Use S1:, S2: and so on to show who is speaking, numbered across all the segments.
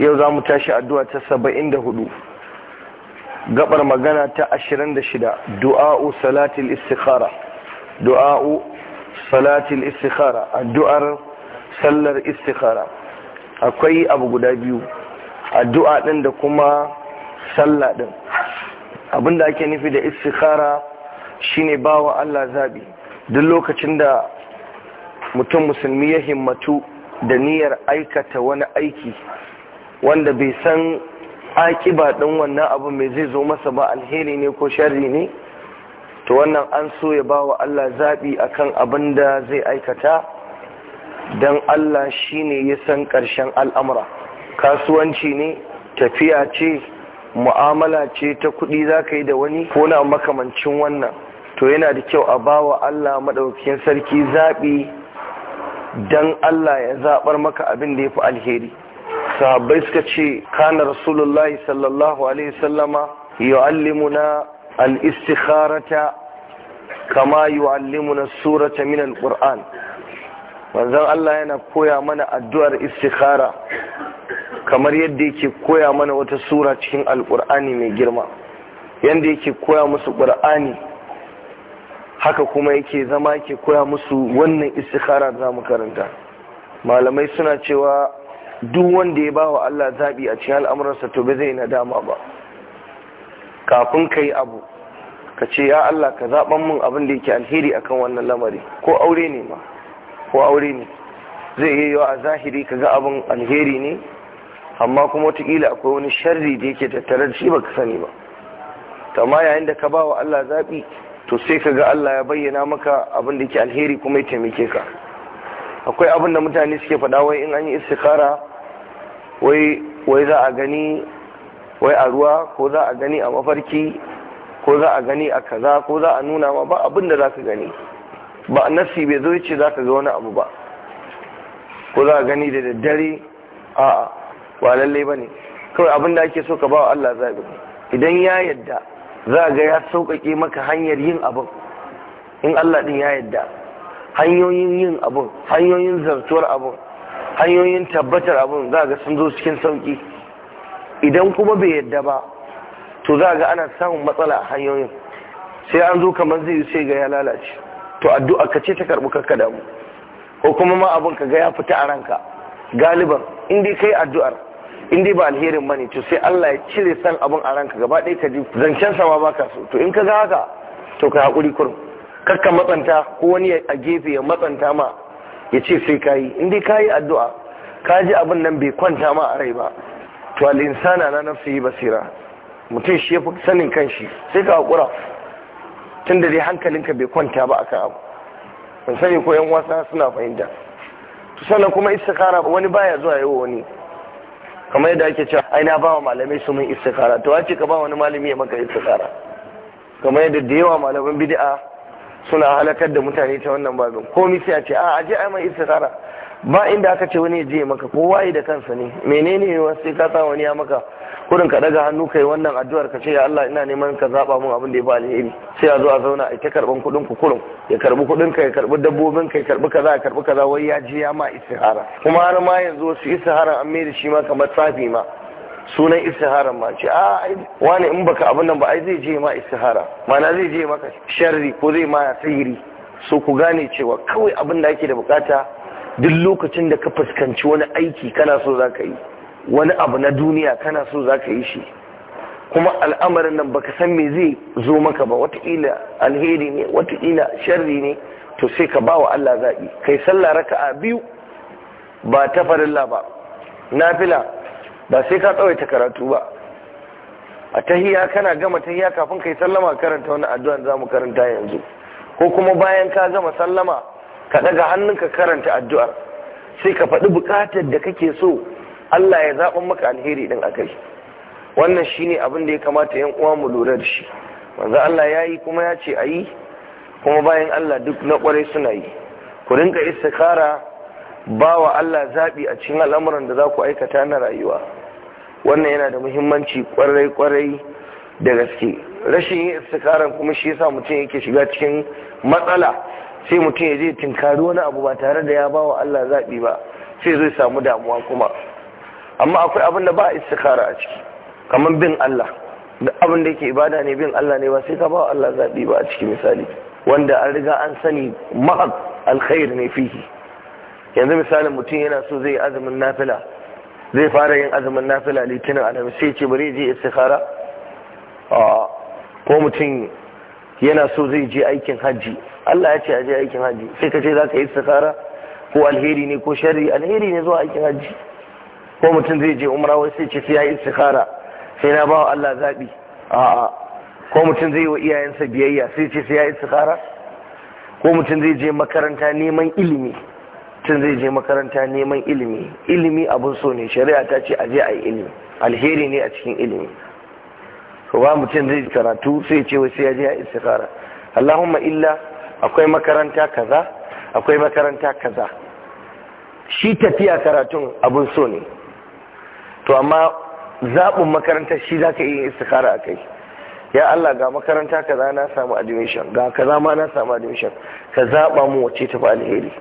S1: yau za mu tashi addu'a ta saba'in da hudu gabar magana ta ashirin da shida du'a'u salatil istikhara du'a'u salatil istikhara addu'ar sallar istikhara akwai abu guda biyu addu'a ɗin, da kuma sallah abin da ake nufi da istikhara shine bawa Allah zaɓi, duk lokacin da mutum musulmi ya himmatu da niyyar aikata wani aiki wanda bai san akiba ɗin wannan abu mai zai zo masa ba alheri ne ko sharri ne to wannan an so ya ba wa Allah zaɓi a kan abin da zai aikata don Allah shi ne ya san ƙarshen al'amura kasuwanci ne tafiya ce mu'amala ce ta kuɗi za ka yi da wani ko na makamancin wannan to yana da kyau a ba wa Allah maɗaukakin sarki zaɓi don Allah ya zaɓar maka abin da ya fi alheri sahabbai suka ce kana rasulullahi sallallahu alaihi sallama yu'allimuna al-istikharata kama yu'allimuna surata min al-qur'an manzon Allah yana koya mana addu'ar istikhara kamar yadda yake koya mana wata sura cikin alkur'ani mai girma yadda yake koya musu ƙur'ani haka kuma yake zama yake koya musu wannan istikhara za mu karanta malamai suna cewa duk wanda ya bawa Allah zaɓi a cikin al'amuransa to ba zai nadama ba kafin ka yi abu ka ce ya Allah ka zaɓan mun abin da yake alheri akan wannan lamari ko aure ne ma ko aure ne zai yi yawa a zahiri ka ga abin alheri ne amma kuma wataƙila akwai wani sharri da yake tattare da shi ba ka sani ba kama yayin da ka ba wa Allah zaɓi to sai ka ga Allah ya bayyana maka abin da yake alheri kuma ya taimake ka akwai abin da mutane suke faɗa in an yi istikara wai za a gani wai a ruwa ko za a gani a mafarki ko za a gani a kaza ko za a nuna ma ba abin da za ka gani ba nafsi bai zo ce za ka ga wani abu ba ko za a gani da daddare a ba lallai ba ne kawai abin da ake so ka ba wa Allah zaɓi idan ya yadda za a ga ya sauƙaƙe maka hanyar yin abin in Allah ɗin ya yadda hanyoyin yin abin hanyoyin zartuwar abin hanyoyin tabbatar abin za ga sun zo cikin sauki idan kuma bai yadda ba to za ga ana samun matsala a hanyoyin sai an zo kamar zai yi sai ga ya lalace to addu'a ka ce ta karɓi karka damu ko kuma ma abin ka ga ya fita a ranka galiban in dai kai addu'ar in ba alherin bane to sai Allah ya cire san abin a ranka gaba ɗaya ka ji zancen sama baka so to in ka ga haka to ka haƙuri kurum karka matsanta ko wani a gefe ya matsanta ma ya ce sai ka yi inda ka yi addu'a ka ji abin nan bai kwanta ma a rai ba to al'insana na nafsu yi basira mutum shi ya fi sanin kanshi sai ka haƙura tun da dai hankalinka bai kwanta ba a ka abu ban sani ko yan wasa suna fahimta to sannan kuma istikara wani baya zuwa yawa wani kamar yadda ake cewa aina ba wa malamai su mun istikara to wace ka ba wani malami ya maka istikara kamar yadda da yawa malaman bid'a suna halakar da mutane ta wannan babin komi sai a ce a aje a mai istikhara ba inda aka ce wani ya je maka ko waye da kansa ne menene yawan sai ka sa wani ya maka kurin ka daga hannu kai wannan addu'ar ka ce ya Allah ina neman ka zaba mun abin da ya ba alheri sai a zo a zauna a ta karban kudin ku kurin ya karbi kudin ka ya karbi dabbobin ka ya karbi kaza ya karbi kaza wai ya ji ya ma istihara kuma har ma yanzu su istiharan an mai da shi ma kamar tsafi ma sunan istiharar ma ce a ah, wani in baka abin nan ba ai zai je ma istihara mana zai je maka sharri ko zai ma sayiri? so ku gane cewa kawai abin da ake da bukata duk lokacin da ka fuskanci wani aiki kana so za ka yi wani abu na duniya kana so za ka yi shi kuma al'amarin nan baka san me zai zo maka ba wataƙila alheri ne wataƙila sharri ne to sai ka ba wa Allah zaɓi kai sallah raka'a biyu ba ta farilla ba nafila ba sai ka tsawaita karatu ba a tahiya kana gama tahiya kafin ka yi sallama karanta wani addu'an zamu karanta yanzu ko kuma bayan ka gama sallama ka daga hannunka karanta addu'ar sai ka faɗi buƙatar da kake so Allah ya zaɓa maka alheri ɗin a kai wannan shine abin da ya kamata yan uwa mu lura da shi Wanzu Allah ya yi kuma ya ce a yi kuma bayan Allah duk na kwarai suna yi ku rinka istikara ba wa Allah zaɓi a cikin al'amuran da za ku aikata na rayuwa wannan yana da muhimmanci kwarai-kwarai da gaske rashin yin istikaran kuma shi yasa mutum yake shiga cikin matsala sai mutum ya je tinkari wani abu ba tare da ya ba wa Allah zaɓi ba sai zai samu damuwa kuma amma akwai abin da ba istikara a ciki kamar bin Allah da abin da yake ibada ne bin Allah ne ba sai ka ba wa Allah zaɓi ba a ciki misali wanda an riga an sani mahab alkhair ne fihi yanzu misalin mutum yana so zai yi azumin nafila zai fara yin azumin nafila litinin alhamis sai ce bari je istikhara ko mutum yana so zai je aikin hajji Allah ya ce a je aikin hajji sai ka ce za ka yi istikhara ko alheri ne ko shari alheri ne zuwa aikin hajji ko mutum zai je umra wai sai ce sai ya yi istikhara sai na bawa Allah zaɓi a'a ko mutum zai yi wa iyayensa biyayya sai ce sai ya yi istikhara ko mutum zai je makaranta neman ilimi tun zai je makaranta neman ilimi ilimi abun so ne shari'a ta ce aje a yi ilimi alheri ne a cikin ilimi ba mutum zai karatu sai ce wai sai ya je a istikara Allahumma illa akwai makaranta kaza akwai makaranta kaza shi tafiya karatun abun so ne to amma zaɓin makaranta shi za ka iya istikara a kai ya Allah ga makaranta kaza na samu admission ga kaza ma na samu admission ka zaɓa mu wacce tafi alheri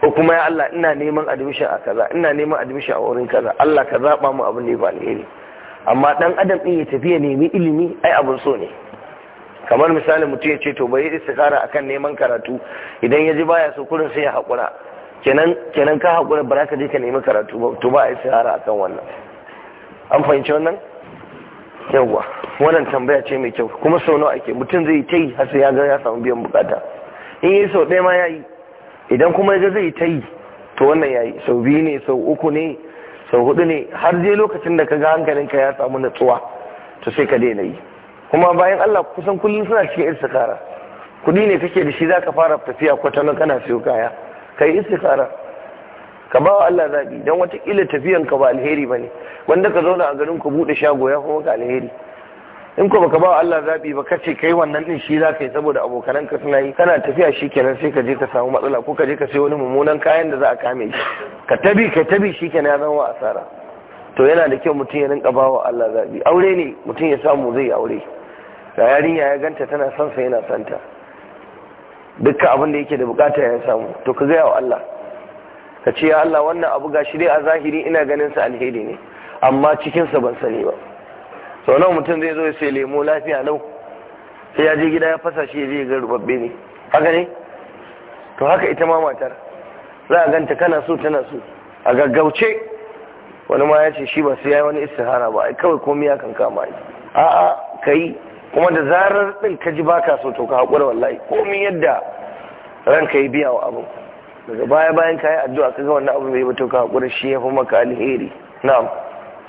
S1: ko kuma ya Allah ina neman admission a kaza ina neman admission a wurin kaza Allah ka zaba mu abin da ya alheri amma dan adam din ya tafi ya nemi ilimi ai abun so ne kamar misali mutum ya ce to bai istikara akan neman karatu idan ya ji baya so kurin sai ya hakura kenan kenan ka hakura ba ka je ka nemi karatu ba to ba istikara akan wannan an fahimci wannan yawwa wannan tambaya ce mai kyau kuma sau nawa ake mutum zai ta yi har sai ya ga ya samu biyan bukata in yi sau ɗaya ma ya yi idan kuma ya zai ta yi to wannan ya yi. sau biyu ne sau uku ne sau hudu ne har je lokacin da ka ga hankalinka ya samu natsuwa to sai ka daina yi kuma bayan Allah kusan kullum suna cikin istikara kudi ne kake da shi za ka fara tafiya kwatanin kana siyo kaya Ka kai istikara ka ba wa Allah zaɓi. dan watakila tafiyan ka ba alheri ba ne. wanda ka zauna a garin ka buɗe shago ya kuma ka alheri in ko baka ba Allah zabi ba kace kai wannan din shi zaka yi saboda abokanan ka suna yi kana tafiya shikenan sai ka je ka samu matsala ko ka je ka sai wani mummunan kayan da za a kame shi ka tabi ka tabi shikenan ya zama asara to yana da kyau mutum ya rinka wa Allah zabi aure ne mutum ya samu zai aure ga yarinya ya ganta tana son sa yana santa dukkan abin da yake da bukata ya samu to ka gaya wa Allah ka ce ya Allah wannan abu gashi dai a zahiri ina ganin sa alheri ne amma cikin sa ban sani ba sau nawa mutum zai zo ya sai lemo lafiya lau sai ya je gida ya fasa shi ya je ga rubabbe ne haka ne to haka ita ma matar za a ganta kana so tana so a gaggauce wani ma ya ce shi ba sai ya yi wani istihara ba kawai komai ya kan kama yi a'a kai kuma da zarar din ka ji baka so to ka haƙura wallahi komai yadda ranka yi biya wa abu daga baya bayan ka yi addu'a ka ga wannan abu bai ba to ka haƙura shi ya fi maka alheri na'am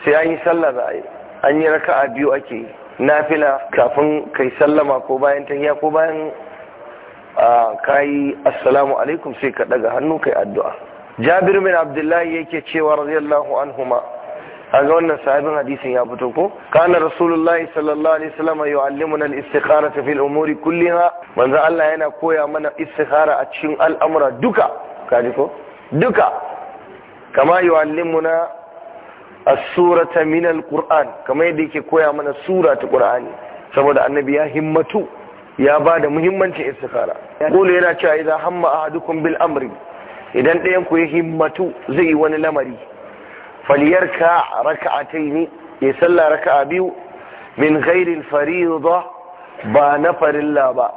S1: sai an yi sallah za a yi an yi a biyu ake nafila kafin kai sallama ko bayan tahiya ko bayan kayi assalamu alaikum sai ka daga hannu kai addu'a jabir bin abdullahi yake cewa radiyallahu anhuma ga wannan sahibin hadisin ya fito ko kana rasulullahi sallallahu alaihi wasallam yu'allimuna al-istikhara fi al-umuri kulliha manzo Allah yana koya mana istikhara a cikin al'amura duka kaji ko duka kama yu'allimuna as minal quran kamar yadda yake koya mana sura ta qur'ani saboda annabi ya himmatu ya ba da muhimmancin istikhara dole yana cewa idan hamma ahadukum bil amri idan ɗayan ku ya himmatu zai yi wani lamari falyarka raka'ataini ya salla raka'a biyu min ghairi al-fariida ba na farilla ba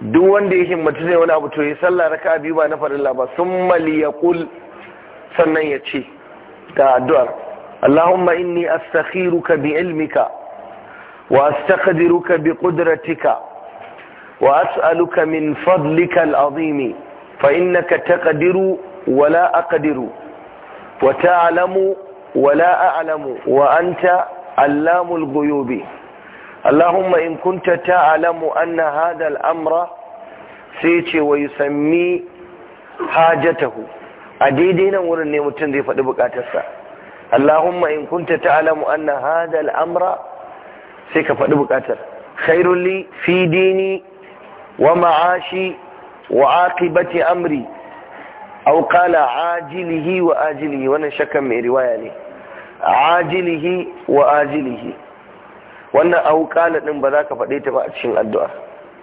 S1: duk wanda ya himmatu zai wani abu to ya salla raka'a biyu ba na farilla ba summa liyaqul sannan ya ce ga addu'ar اللهم إني أستخيرك بعلمك وأستقدرك بقدرتك وأسألك من فضلك العظيم فإنك تقدر ولا أقدر وتعلم ولا أعلم وأنت علام الغيوب
S2: اللهم إن
S1: كنت تعلم أن هذا الأمر سيتي ويسمي حاجته أديدين ورني متنذي فدبك أتسأل اللهم إن كنت تعلم أن هذا الأمر سيكفأ بكاتر خير لي في ديني ومعاشي وعاقبة أمري أو قال عاجله وآجله وانا شكا من رواية لي عاجله وآجله وانا أو قال إن بذاك فديت ما الدعاء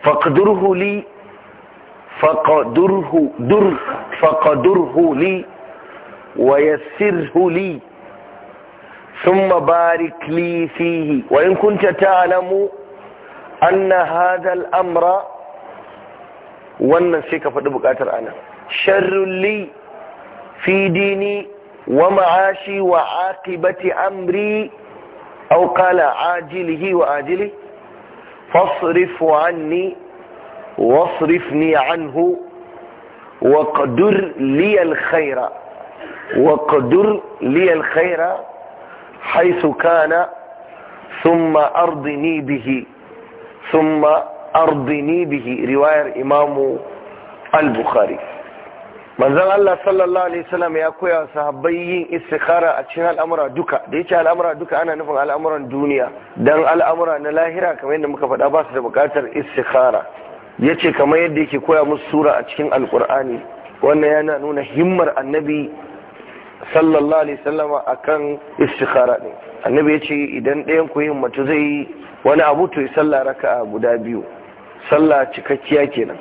S1: فاقدره لي فقدره در فقدره لي ويسره لي ثم بارك لي فيه وإن كنت تعلم أن هذا الأمر وأن سيك فدبك أتر أنا شر لي في ديني ومعاشي وعاقبة أمري أو قال عاجله وآجله فاصرف عني واصرفني عنه وقدر لي الخير وقدر لي الخير haisu kana summa ardini bihi summa ardini bihi riwayar imamu al-bukhari manzon Allah sallallahu alaihi wasallam ya koya sahabbai yin istikhara a cikin al'amura duka da yace al'amura duka ana nufin al'amuran duniya dan al'amura na lahira kamar yadda muka faɗa ba su da buƙatar istikhara yace kamar yadda yake koya musu sura a cikin alqur'ani wannan yana nuna himmar annabi sallallahu alaihi sallama akan istikhara ne annabi ya ce idan ɗayan ku yin mace zai yi wani abu to yi sallah a guda biyu sallah cikakkiya kenan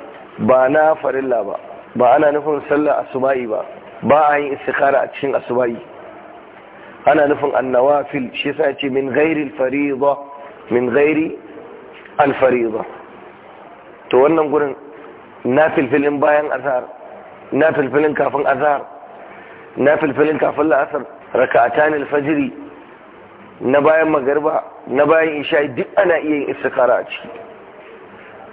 S1: ba na farilla ba ba ana nufin sallah asuba'i ba ba a yin istikhara a cikin asuba'i ana nufin annawafil shi yasa ce min gairi al-fariida min ghairi al-fariida to wannan gurin na filfilin bayan azhar na filfilin kafin azhar na filfilin kafin la'asar raka'atan alfajiri na bayan magarba na bayan isha duk ana iya yin istikara a ciki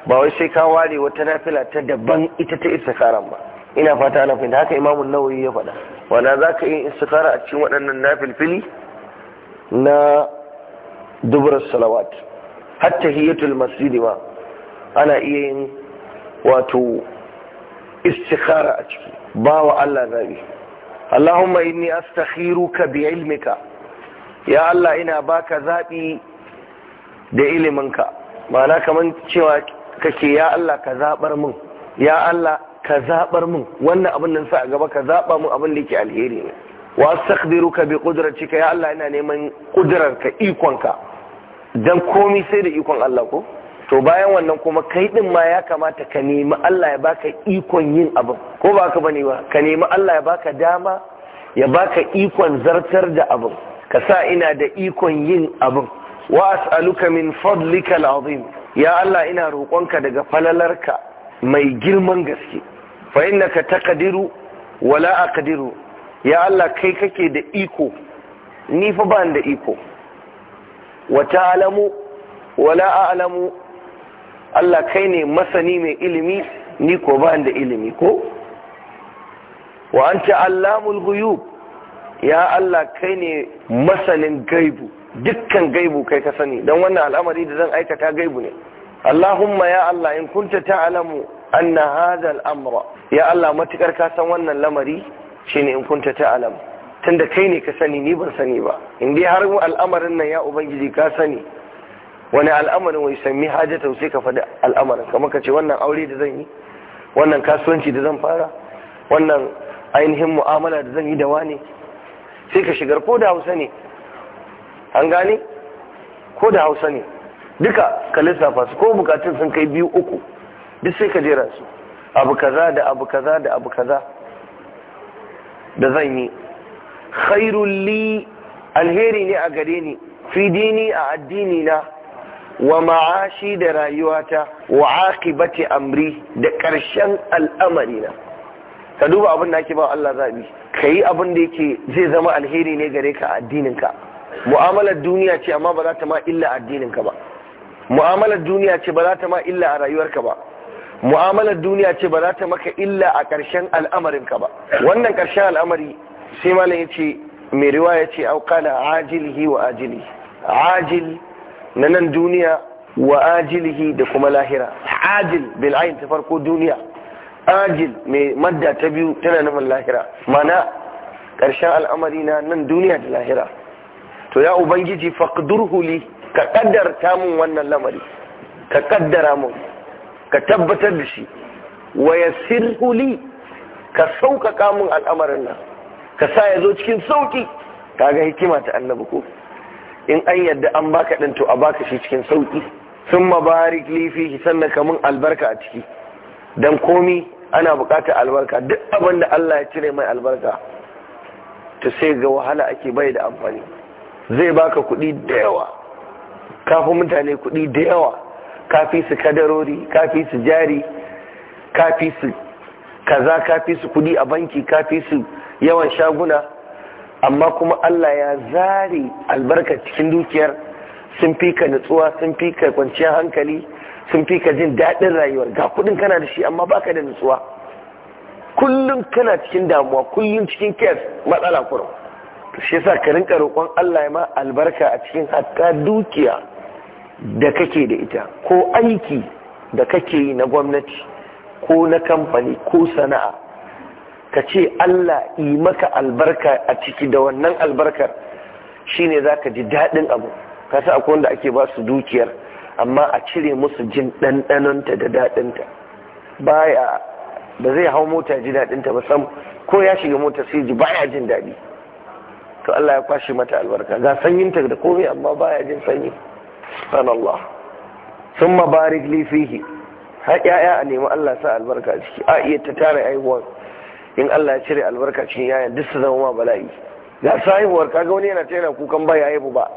S1: ba wai sai ka ware wata nafila ta daban ita ta istikaran ba ina fata na fahimta haka imamun nawawi ya faɗa wana za ka yi istikara a cikin waɗannan nafilfili na Dubras salawat hatta hiyatul masjidi ma ana iya yin wato istikara a ciki ba wa Allah zabi Allahumma inni astakhiruka bi ilmika ya Allah ina baka zaɓi da iliminka ma'ana kamar cewa kake ya Allah ka zaɓar mun, ya Allah ka zaɓar mun wannan abin nan sa a gaba ka zaɓa mun abin da yake alheri ne wa astakhiruka bi qudratika ya Allah ina neman qudrarka ikonka dan komai sai da ikon Allah ko to bayan wannan kuma kai din ma ya kamata ka nemi Allah ya baka ikon yin abin ko ba ka bane ba ka nemi Allah ya baka dama ya baka ikon zartar da abin ka sa ina da ikon yin abin wa as'aluka min fadlika al'azim ya Allah ina roƙonka daga falalarka mai girman gaske fa innaka taqdiru wala aqdiru ya Allah kai kake da iko ni fa ban da iko wa ta'lamu wala a'lamu Allah kai ne masani mai ilimi ni ko ba da ilimi ko wa anta allamul ghuyub ya Allah kai ne masanin gaibu dukkan gaibu kai ka sani dan wannan al'amari da zan aikata gaibu ne Allahumma ya Allah in kunta ta'lamu anna hadha al-amra ya Allah matukar ka san wannan lamari shine in kunta ta'lamu tunda kai ne ka sani ni ban sani ba in dai har al'amarin nan ya ubangiji ka sani wani al'amarin wai sami hajjata sai ka faɗi al'amarin kamar ka ce wannan aure da zan yi wannan kasuwanci da zan fara wannan ainihin mu'amala da zan yi da wani sai ka shigar ko da hausa ne an gane ko da hausa ne duka ka lissafa su ko bukatun sun kai biyu uku duk sai ka jera su abu kaza da abu kaza da abu kaza da zan yi Khairulli li alheri ne a gare ni fi dini a addini na wa ma'ashi da rayuwata wa aqibati amri da ƙarshen al'amarina ka duba abin da ake ba Allah zabi kai abin da yake zai zama alheri ne gare ka addinin ka mu'amalar duniya ce amma ba za ta ma illa addinin ka ba mu'amalar duniya ce ba za ta ma illa a rayuwarka ba mu'amalar duniya ce ba za ta maka illa a ƙarshen al'amarin ka ba wannan ƙarshen al'amari sai malam yace mai riwaya ce auqala ajilihi wa ajili ajil na nan duniya wa ajilihi da kuma lahira ajil bil ayin ta farko duniya ajil mai madda ta biyu tana nufin lahira mana ƙarshen al'amari na nan duniya da lahira to ya ubangiji faqdurhu li ka kaddarta mun wannan lamari ka kaddara mun ka tabbatar da shi wa yassirhu li ka sauƙaƙa mun al'amarin nan ka sa ya zo cikin sauƙi kaga hikima ta annabi ko in an yadda an baka ɗin to a baka shi cikin sauƙi sun ma mabarik lifi sannan kamun albarka a ciki don komi ana buƙatar albarka duk abin da Allah ya cire mai albarka ta sai ga wahala ake bai da amfani zai baka kuɗi da yawa kafin mutane kuɗi da yawa kafi su kadarori kafi su jari kafi su kaza kafi su kuɗi a banki kafi su yawan shaguna amma kuma Allah ya zari albarka cikin dukiyar sun fi nutsuwa sun fi ka kwanciyar hankali sun fi jin daɗin rayuwar ga kuɗin kana da shi amma baka da nutsuwa kullum kana cikin damuwa kullum cikin kes matsala kurum shi yasa ka rinka roƙon Allah ya ma albarka a cikin hatta dukiya da kake da ita ko aiki da kake yi na gwamnati ko na kamfani ko sana'a ka ce Allah yi maka albarka a ciki da wannan albarkar shine za ka ji daɗin abu ka sa akwai wanda ake ba su dukiyar amma a cire musu jin ɗanɗanonta da daɗinta baya ba zai hau mota ji daɗinta ba sam ko ya shiga mota sai ji baya jin daɗi to Allah ya kwashe mata albarka ga sanyinta da komai amma baya jin sanyi subhanallah thumma barik li fihi har ya'ya a nemi Allah sa albarka ciki a iya ta tara aihuwa in Allah ya cire albarka cikin yayan duk su zama ma bala'i ga sahihuwar kaga wani yana tana kukan ba ya ba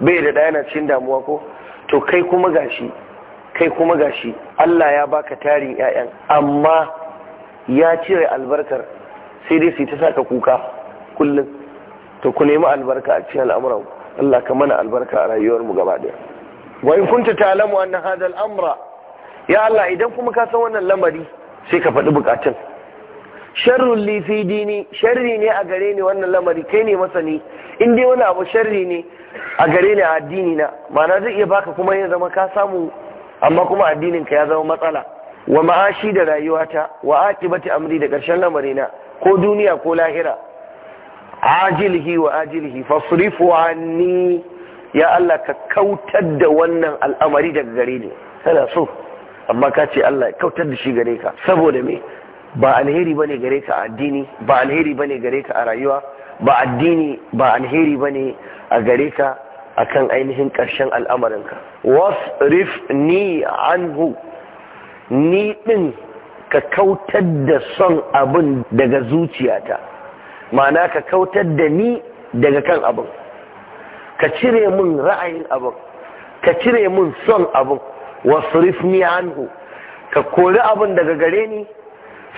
S1: bai da ɗaya yana cikin damuwa ko to kai kuma gashi kai kuma gashi Allah ya baka tarin yayan amma ya cire albarkar sai dai su ta saka kuka kullum to ku nemi albarka a cikin al'amuran Allah ka mana albarka a rayuwarmu gaba ɗaya wa in kunta ta'lamu anna hadha al-amra ya Allah idan kuma ka san wannan lamari sai ka faɗi bukatun sharrun lifi dini sharri ne a gare ni wannan lamari kai ne masani in dai wani abu sharri ne a gare ni a addini na ma'ana zai iya baka kuma ya zama ka samu amma kuma addinin ka ya zama matsala wa ma'ashi da rayuwata wa aqibati amri da karshen lamari na ko duniya ko lahira ajilhi wa ajilhi fasrifu ya Allah ka kautar da wannan al'amari daga gare ni kana so amma ka ce Allah ya kautar da shi gare ka saboda me ba alheri bane gare ka a addini ba alheri bane gare ka a rayuwa ba addini ba alheri bane a gare ka kan ainihin ƙarshen al'amarinka wasrif ni anhu ni ɗin ka kautar da son abin daga zuciyata ma'ana ka kautar da ni daga kan abin ka cire min ra'ayin abin ka cire mun son abin wasrif ni anhu ka kori abin daga gare ni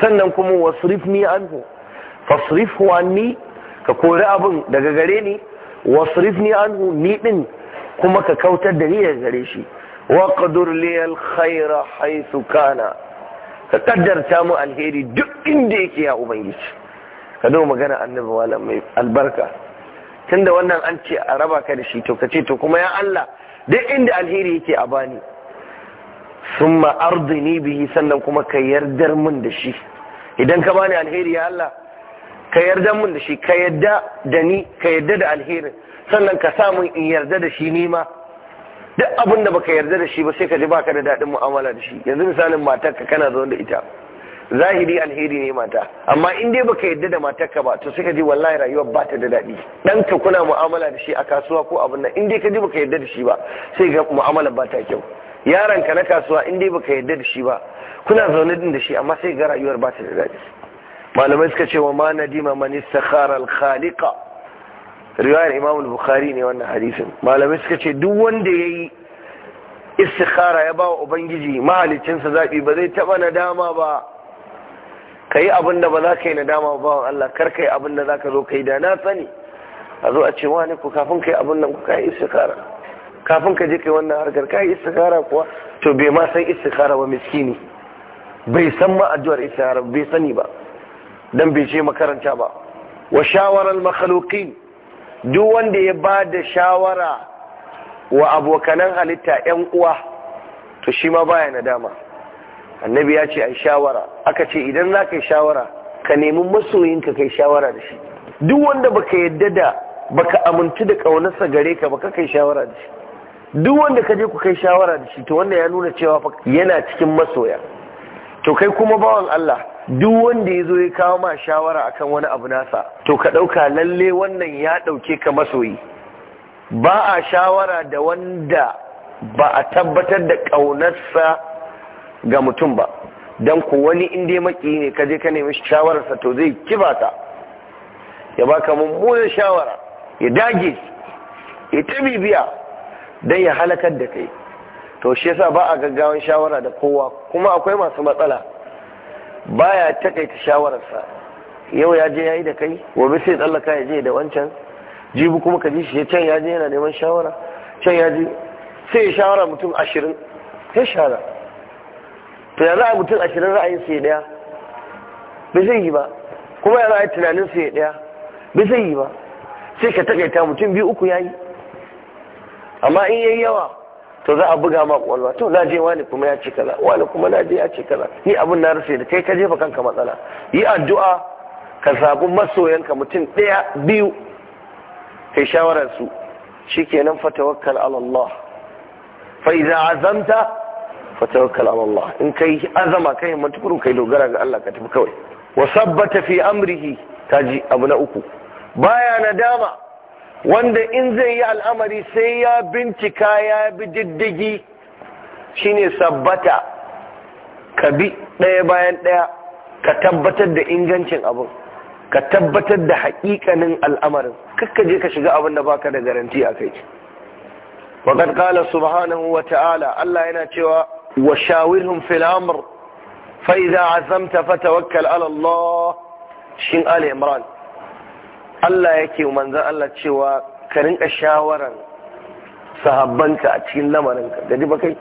S1: sannan kuma wasrifni anhu fasrifhu anni ka kori abin daga gare ni wasrifni anhu ni din
S2: kuma ka kautar
S1: da ni daga gare shi wa qadur li al haythu kana ka kaddarta mu alheri duk inda yake ya ubangiji ka dawo magana annabi wala mai albarka tunda wannan an ce a raba ka da shi to kace to kuma ya Allah duk inda alheri yake a bani sun ma'ardini bihi sannan kuma ka yardar mun da shi idan ka bani alheri ya Allah ka yarda mun da shi ka yarda da ni ka yarda da alherin sannan ka sa in yarda da shi nima ma duk abin da baka yarda da shi ba sai ka ji baka da daɗin mu'amala da shi yanzu misalin matarka kana zaune da ita zahiri alheri ne mata amma in dai baka yarda da matarka ba to sai ka ji wallahi rayuwar ba ta da daɗi dan ka kuna mu'amala da shi a kasuwa ko abin nan in dai ka ji baka yarda da shi ba sai ga mu'amala ba ta kyau yaron ka na kasuwa in dai baka yarda da shi ba kuna zaune din da shi amma sai ga rayuwar ba ta da daɗi malamai suka ce wa ma nadima man istakhara al-khaliqa riwayar Imam bukhari ne wannan hadisin malamai suka ce duk wanda yayi istikhara ya bawa ubangiji mahalicin sa zabi ba zai taba nadama ba kai abin da ba za ka yi nadama ba bawan Allah kar kai abin da zaka zo kai da na sani a zo a ce wani ku kafin kai abin nan ku kai istikhara kafin ka je kai wannan harkar kai istikhara kuwa to bai ma san istikhara ba miskini bai san ma addu'ar istikhara bai sani ba dan bai je makaranta ba wa al makhluqin duk wanda ya ba da shawara wa abokanan halitta yan uwa to shi ma baya nadama annabi ya ce ai shawara aka ce idan za ka yi shawara ka nemi masoyinka kai shawara da shi duk wanda baka yadda da baka amintu da kaunarsa gare ka baka kai shawara da shi duk wanda ka je ku kai shawara da shi to wanda ya nuna cewa yana cikin masoya to kai kuma bawan Allah duk wanda ya zo ya kawo ma shawara akan wani abu nasa to ka ɗauka lalle wannan ya ɗauke ka masoyi ba a shawara da wanda ba a tabbatar da ƙaunarsa ga mutum ba don ku wani inda maki ne ka je ka nemi shawararsa to zai kibata ya baka mummunan shawara ya dage ya ta bibiya don ya halakar da kai to shi yasa ba a gaggawan shawara da kowa kuma akwai masu matsala Ba ya takaita shawararsa yau ya je ya yi da kai gobe sai tsallaka ya je da wancan jibu kuma ka ji shi can ya je yana neman shawara can ya je sai ya shawara mutum ashirin ya shara to ya za a mutum ashirin ra'ayin sai daya bai zai yi ba kuma ya ra'ayi tunanin sai daya bai zai yi ba sai ka takaita mutum biyu uku ya yi. amma in yayi yawa to za a buga ma kwalwa to na je wani kuma ya ce kaza wani kuma na je ya ce kaza ni abin na rufe da kai ka jefa kanka matsala yi addu'a ka sabu masoyanka mutum ɗaya biyu kai shawarar su shikenan tawakkal ala Allah fa idza azamta tawakkal ala Allah in kai azama kai himmatu tukuru kai dogara ga Allah ka tafi kawai wa sabbata fi amrihi kaji abu na uku baya nadama wanda in zai yi al'amari sai ya bincika ya bi diddigi shine sabbata ka bi ɗaya bayan ɗaya ka tabbatar da ingancin abin ka tabbatar da haƙiƙanin al'amarin kakka je ka shiga abin da baka da garanti a kai وقد subhanahu wa ta'ala Allah yana cewa wa shawirin الامر فاذا عزمت فتوكل على الله shin ali imran Allah yake manzan Allah cewa ka rinka shawaran sahabbanka a cikin lamarinka da ba kai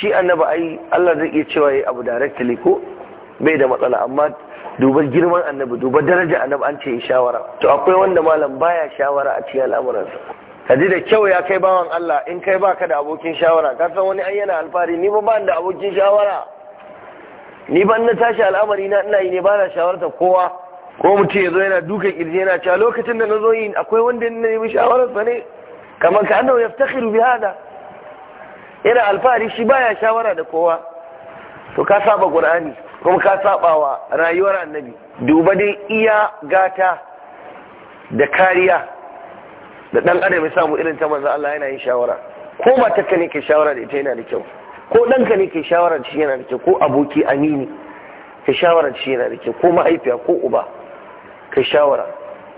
S1: shi annaba ai Allah zai iya cewa yayi abu directly ko bai da matsala amma duba girman annabi duba daraja annabi an ce shawara to akwai wanda malam baya shawara a cikin al'amuransa kaji da kyau ya kai bawan Allah in kai baka da abokin shawara ka san wani ayyana yana alfahari ni ba ban da abokin shawara ni ban na tashi al'amari na ina yi ne ba na shawarta kowa ko mutum ya zo yana dukan kirji yana cewa lokacin da na zo yi akwai wanda ya nemi shawararsa ne kamar ka annahu yaftakhiru bi hada yana alfahari shi baya shawara da kowa to ka saba qur'ani kuma ka saba rayuwar annabi duba dai iya gata da kariya da dan adam ya samu irin ta manzo Allah yana yin shawara ko matarka ne ke shawara da ita yana da kyau ko ɗanka ne ke shawara da shi yana da kyau ko aboki amini ke shawara da shi yana da kyau ko mahaifiya ko uba kai shawara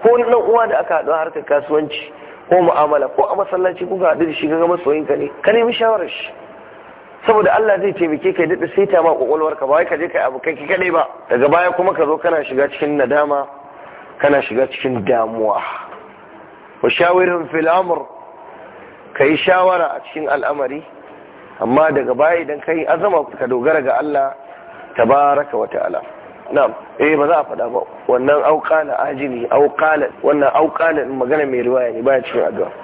S1: ko wani dan uwa da aka haɗu harkar kasuwanci ko mu'amala ko a masallaci kuka haɗu da shi ga ka ne ka nemi shawarar shi saboda Allah zai taimake ka daɗa ta ma kwakwalwarka ba wai ka je ka abu kai kadai ba daga baya kuma ka zo kana shiga cikin nadama kana shiga cikin damuwa wa shawirin fil amr ka yi shawara a cikin al'amari amma daga baya idan ka yi azama ka dogara ga Allah tabaraka wa ta'ala na'am eh ba za a faɗa ba wannan auqala ajini auqala wannan auqala magana mai riwaya ne baya cikin addu'a